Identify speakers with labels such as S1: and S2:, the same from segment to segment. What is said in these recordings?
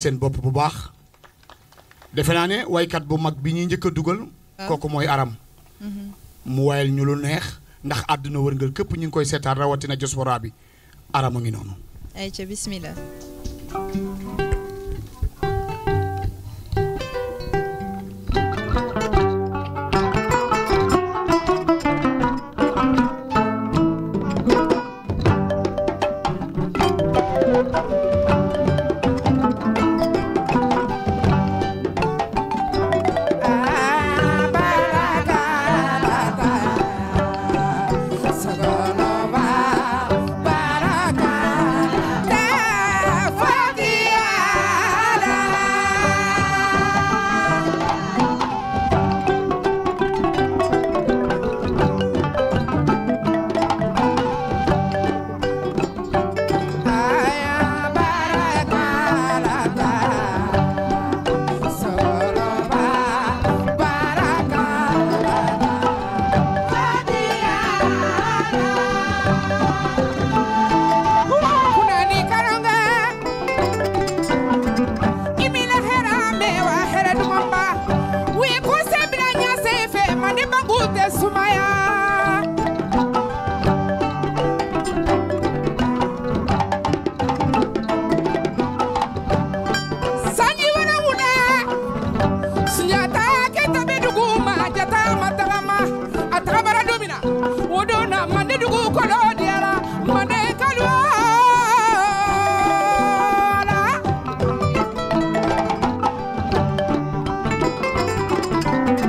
S1: seen bopp bu baax defe naa ne waykat bu mag bi ñuy njëkk a dugal ah. kooku mooy aram mm-hmm. mu wayal ñu lu neex ndax àdduna wërngal képp ñu ngi koy seetaan rawatina jospora bi aram a ngi noonu ayca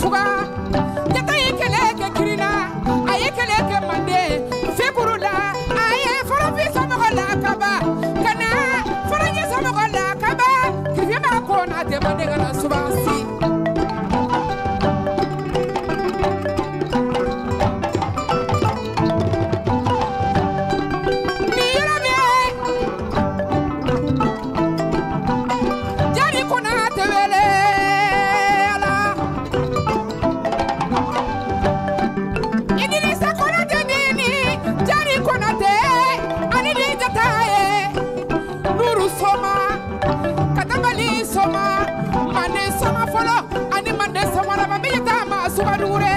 S1: 出发。我来弄嘞。